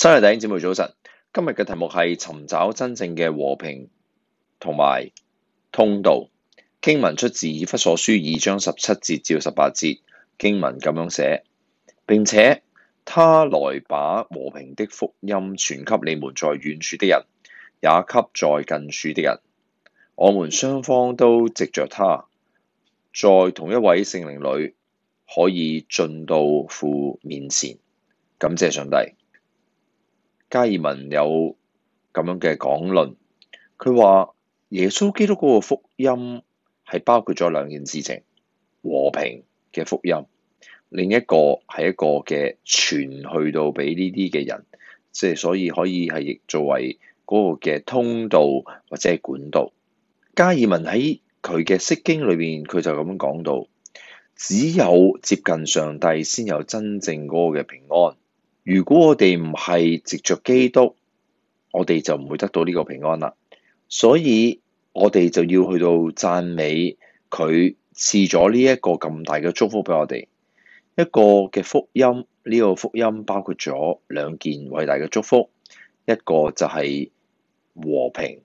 弟兄姊妹早晨。今日嘅題目係尋找真正嘅和平同埋通道。經文出自《以弗所書》二章十七節至十八節，經文咁樣寫，並且他來把和平的福音傳給你們在遠處的人，也給在近處的人。我們雙方都藉着他，在同一位聖靈裏可以進到父面前。感謝上帝。加爾文有咁樣嘅講論，佢話耶穌基督嗰個福音係包括咗兩件事情，和平嘅福音，另一個係一個嘅傳去到俾呢啲嘅人，即係所以可以係亦作為嗰個嘅通道或者係管道。加爾文喺佢嘅釋經裏邊，佢就咁講到，只有接近上帝先有真正嗰個嘅平安。如果我哋唔係藉著基督，我哋就唔會得到呢個平安啦。所以我哋就要去到讚美佢賜咗呢一個咁大嘅祝福俾我哋一個嘅福音。呢個福音包括咗兩件偉大嘅祝福，一個就係和平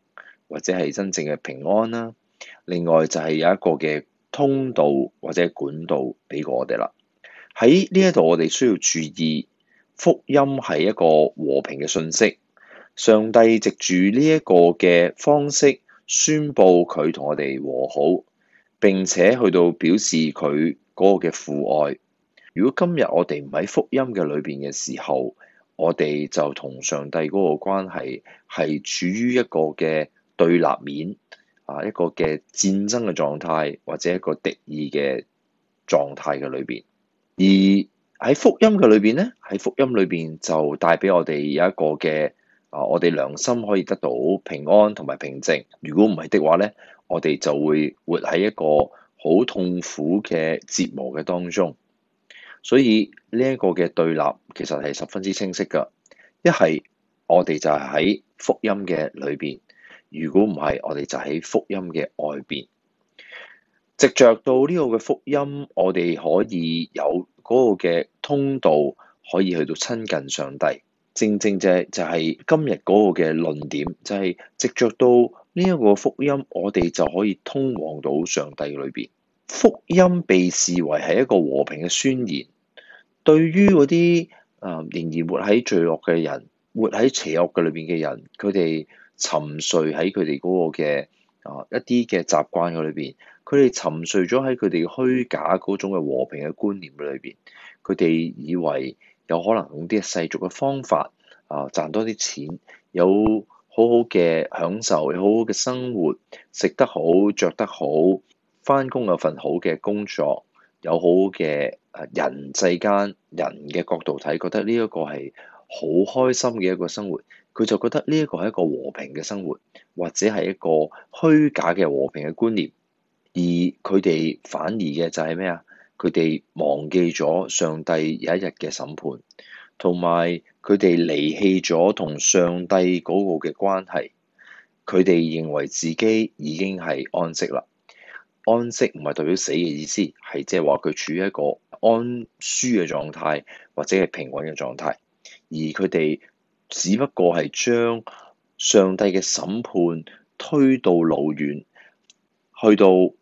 或者係真正嘅平安啦。另外就係有一個嘅通道或者管道俾過我哋啦。喺呢一度我哋需要注意。福音係一個和平嘅信息，上帝藉住呢一個嘅方式宣佈佢同我哋和好，並且去到表示佢嗰個嘅父愛。如果今日我哋唔喺福音嘅裏邊嘅時候，我哋就同上帝嗰個關係係處於一個嘅對立面啊，一個嘅戰爭嘅狀態，或者一個敵意嘅狀態嘅裏邊，而喺福音嘅裏邊咧，喺福音裏邊就帶俾我哋有一個嘅啊，我哋良心可以得到平安同埋平靜。如果唔係的話咧，我哋就會活喺一個好痛苦嘅折磨嘅當中。所以呢一個嘅對立其實係十分之清晰噶。一係我哋就係喺福音嘅裏邊，如果唔係，我哋就喺福音嘅外邊。藉著到呢個嘅福音，我哋可以有嗰個嘅通道，可以去到親近上帝。正正就係今日嗰個嘅論點，就係、是、藉著到呢一個福音，我哋就可以通往到上帝裏邊。福音被視為係一個和平嘅宣言，對於嗰啲誒仍然活喺罪惡嘅人，活喺邪惡嘅裏邊嘅人，佢哋沉睡喺佢哋嗰個嘅。啊！一啲嘅習慣嗰裏邊，佢哋沉睡咗喺佢哋虛假嗰種嘅和平嘅觀念裏邊，佢哋以為有可能用啲世俗嘅方法啊，賺多啲錢，有好好嘅享受，有好好嘅生活，食得好，着得好，翻工有份好嘅工作，有好嘅人世間人嘅角度睇，覺得呢一個係好開心嘅一個生活。佢就覺得呢一個係一個和平嘅生活，或者係一個虛假嘅和平嘅觀念，而佢哋反而嘅就係咩啊？佢哋忘記咗上帝有一日嘅審判，同埋佢哋離棄咗同上帝嗰個嘅關係。佢哋認為自己已經係安息啦。安息唔係代表死嘅意思，係即係話佢處於一個安舒嘅狀態，或者係平穩嘅狀態，而佢哋。只不過係將上帝嘅審判推到老遠，去到唔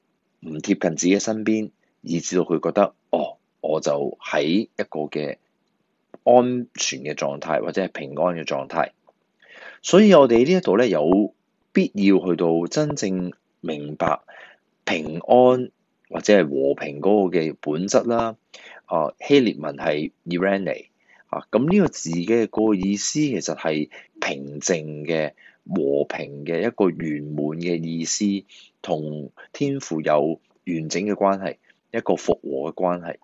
貼近自己身邊，以至到佢覺得，哦，我就喺一個嘅安全嘅狀態，或者係平安嘅狀態。所以我哋呢一度咧有必要去到真正明白平安或者係和平嗰個嘅本質啦。哦、啊，希臘文係 Irene 啊！咁呢個字嘅個意思其實係平靜嘅、和平嘅一個圓滿嘅意思，同天父有完整嘅關係，一個復和嘅關係。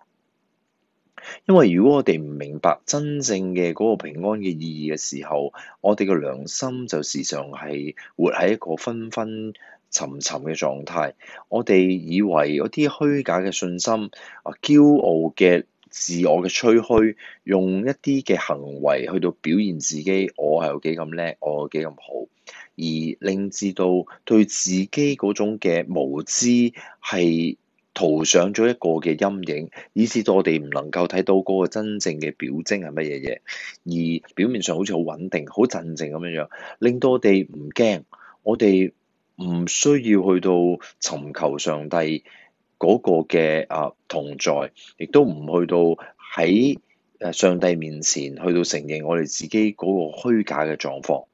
因為如果我哋唔明白真正嘅嗰個平安嘅意義嘅時候，我哋嘅良心就時常係活喺一個昏昏沉沉嘅狀態。我哋以為一啲虛假嘅信心啊、驕傲嘅自我嘅吹噓，用一啲嘅行為去到表現自己我，我係有幾咁叻，我有幾咁好，而令至到對自己嗰種嘅無知係塗上咗一個嘅陰影，以至到我哋唔能夠睇到嗰個真正嘅表徵係乜嘢嘢，而表面上好似好穩定、好鎮靜咁樣樣令到我哋唔驚，我哋唔需要去到尋求上帝。嗰個嘅啊同在，亦都唔去到喺誒上帝面前去到承認我哋自己嗰個虛假嘅狀況。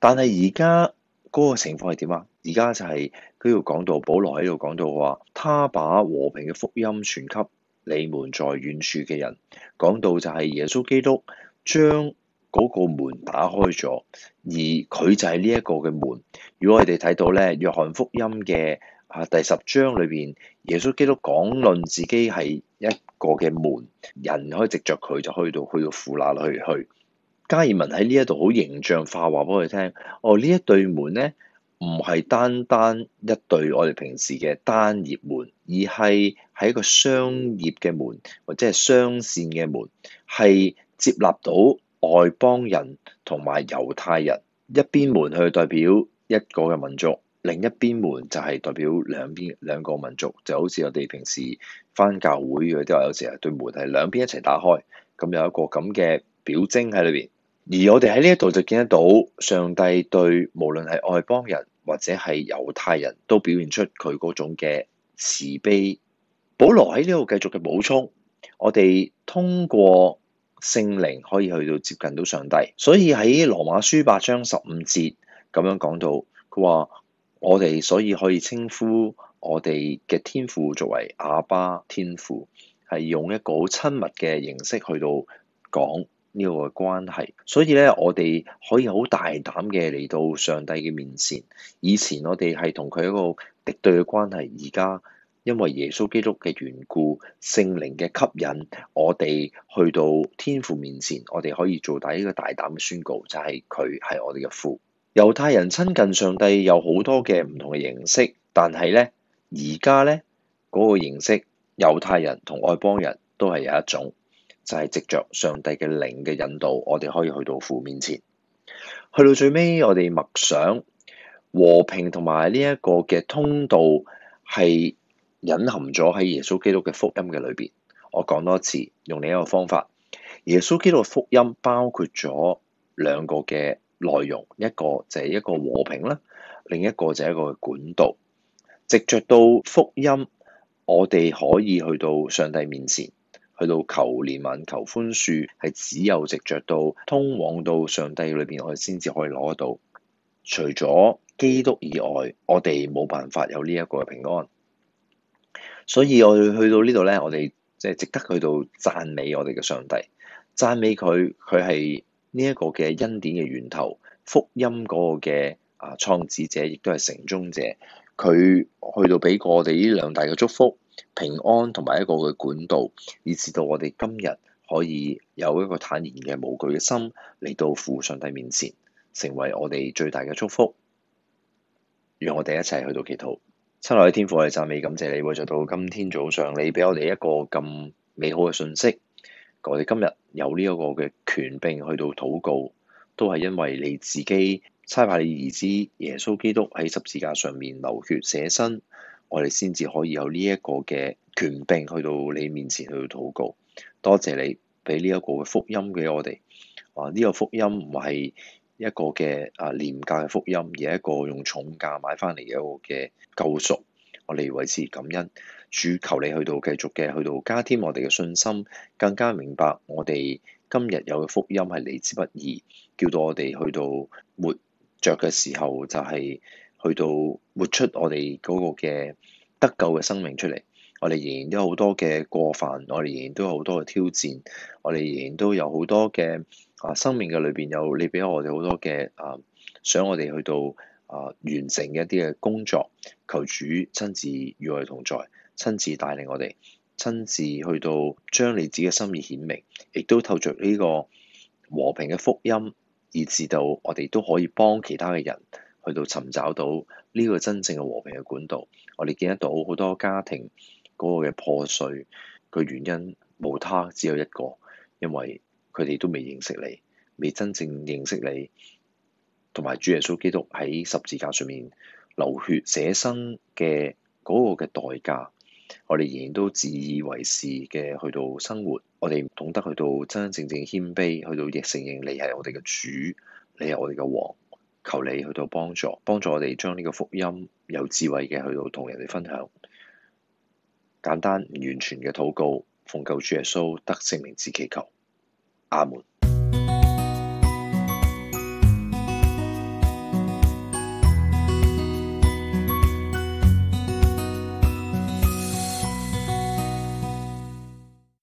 但係而家嗰個情況係點啊？而家就係佢要講到保羅喺度講到話，他把和平嘅福音傳給你們在遠處嘅人。講到就係耶穌基督將嗰個門打開咗，而佢就係呢一個嘅門。如果我哋睇到咧，約翰福音嘅。啊！第十章裏邊，耶穌基督講論自己係一個嘅門，人可以藉著佢就去到去到父那去去。加爾文喺呢一度好形象化話俾佢聽，哦，呢一對門咧，唔係單單一對我哋平時嘅單葉門，而係喺一個雙葉嘅門，或者係雙線嘅門，係接納到外邦人同埋猶太人，一邊門去代表一個嘅民族。另一邊門就係代表兩邊兩個民族，就好似我哋平時翻教會嗰啲話，有時係對門係兩邊一齊打開，咁有一個咁嘅表徵喺裏邊。而我哋喺呢一度就見得到上帝對無論係外邦人或者係猶太人都表現出佢嗰種嘅慈悲。保羅喺呢度繼續嘅補充，我哋通過聖靈可以去到接近到上帝。所以喺羅馬書八章十五節咁樣講到，佢話。我哋所以可以稱呼我哋嘅天父作為阿爸天父，係用一個好親密嘅形式去到講呢個關係。所以咧，我哋可以好大膽嘅嚟到上帝嘅面前。以前我哋係同佢一個敵對嘅關係，而家因為耶穌基督嘅緣故、聖靈嘅吸引，我哋去到天父面前，我哋可以做第一個大膽嘅宣告，就係佢係我哋嘅父。猶太人親近上帝有好多嘅唔同嘅形式，但係呢而家呢嗰、那個形式，猶太人同外邦人都係有一種，就係、是、藉着上帝嘅靈嘅引導，我哋可以去到父面前。去到最尾，我哋默想和平同埋呢一個嘅通道係隱含咗喺耶穌基督嘅福音嘅裏邊。我講多次，用另一個方法，耶穌基督嘅福音包括咗兩個嘅。內容一個就係一個和平啦，另一個就係一個管道，直着到福音，我哋可以去到上帝面前，去到求憐憫、求寬恕，係只有直着到通往到上帝嘅裏邊，我哋先至可以攞得到。除咗基督以外，我哋冇辦法有呢一個嘅平安。所以我哋去到呢度呢，我哋即係值得去到讚美我哋嘅上帝，讚美佢，佢係。呢一個嘅恩典嘅源頭，福音嗰個嘅啊創始者，亦都係成終者，佢去到俾過我哋呢兩大嘅祝福，平安同埋一個嘅管道，以至到我哋今日可以有一個坦然嘅無懼嘅心嚟到父上帝面前，成為我哋最大嘅祝福。讓我哋一齊去到祈禱。親愛的天父，我哋讚美感謝你，為著到今天早上，你俾我哋一個咁美好嘅信息。我哋今日有呢一個嘅權柄去到禱告，都係因為你自己差派你兒子耶穌基督喺十字架上面流血捨身，我哋先至可以有呢一個嘅權柄去到你面前去禱告。多謝你俾呢一個嘅福音畀我哋，啊，呢個福音唔係、啊這個、一個嘅啊廉價嘅福音，而係一個用重價買翻嚟嘅一個嘅救贖。我哋維持感恩，主求你去到繼續嘅去到加添我哋嘅信心，更加明白我哋今日有嘅福音係嚟之不易，叫到我哋去到活着嘅時候就係、是、去到活出我哋嗰個嘅得救嘅生命出嚟。我哋仍然都有好多嘅過犯，我哋仍然都有好多嘅挑戰，我哋仍然都有好多嘅啊生命嘅裏邊有你俾我哋好多嘅啊，想我哋去到。啊！完成一啲嘅工作，求主親自與我同在，親自帶領我哋，親自去到將你自己嘅心意顯明，亦都透着呢個和平嘅福音，以至到我哋都可以幫其他嘅人去到尋找到呢個真正嘅和平嘅管道。我哋見得到好多家庭嗰個嘅破碎嘅嗰個、原因，無他，只有一個，因為佢哋都未認識你，未真正認識你。同埋主耶穌基督喺十字架上面流血捨身嘅嗰個嘅代價，我哋仍然都自以為是嘅去到生活，我哋唔懂得去到真真正正謙卑，去到亦承認你係我哋嘅主，你係我哋嘅王，求你去到幫助，幫助我哋將呢個福音有智慧嘅去到同人哋分享。簡單唔完全嘅禱告，奉救主耶穌得勝名字祈求，阿門。